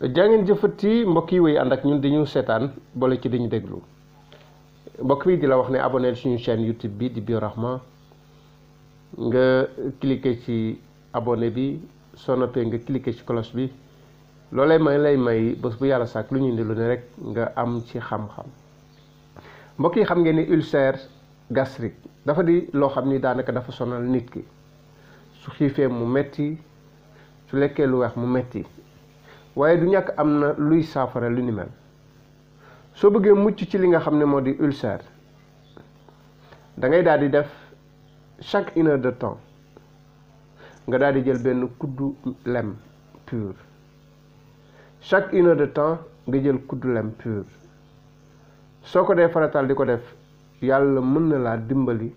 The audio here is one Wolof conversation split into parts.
jaa ngeen jëfati mbokk yi wéy ànd ak ñun dañu seetaan boole ci dañu déglu mbokk bi di la wax ne abonné suñu chaîne YouTube bi di Biorahma nga cliqué ci abone bi soo noppee nga cliqué ci kolos bi loolay may lay may bës bu yàlla sàkk lu ñu indilu ne rek nga am ci xam-xam mbokk yi xam ngeen ni ulcère gastrique dafa di loo xam ni daanaka dafa sonal nit ki su xiifee mu metti su lekkee lu weex mu metti waaye du ñàkk am na luy saafara lu ni mel soo bëggee mucc ci li nga xam ne moo di ulcère da ngay daal di def chaque une heure de temps nga daal di jël benn kuddu lem pur chaque une heure de temps nga jël kuddu lem pur soo ko dee faratal di ko def yàlla mën na laa dimbali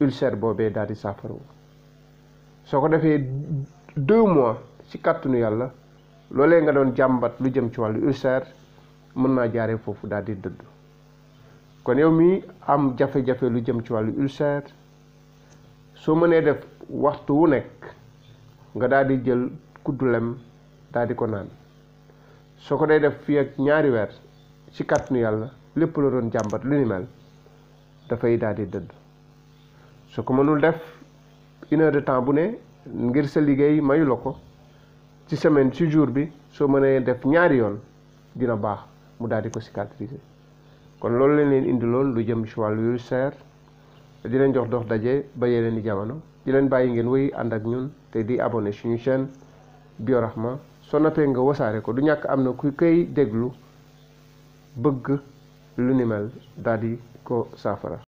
ulcère boobee daal di saafara soo ko defee deux mois. ci kàttanu yàlla loole nga doon jàmbat lu jëm ci wàllu ulcère mën naa jaaree foofu daal di dëdd kon yow mi am jafe-jafe lu jëm ci wàllu ulcère soo mënee def waxtu wu nekk nga daal jël kuddu lem daldi ko naan soo ko dee def fii ak ñaari weer ci kàttanu yàlla lépp la doon jàmbat lu ni mel dafay daldi di dëdd ko mënul def une temps bu ne ngir sa liggéey mayu la ko ci semaine ci jour bi soo mënee def ñaari yoon dina baax mu daal di ko cicatriser kon loolu lañ leen indi lool lu jëm ci wàllu ulcère di leen jox dox daje ba yeneen i jamono di leen bàyyi ngeen wéy ànd ak ñun te di abonné suñu chaîne Biorahma soo noppee nga wasaare ko du ñàkk am na ku këy déglu bëgg lu nimel mel daal di ko saafara.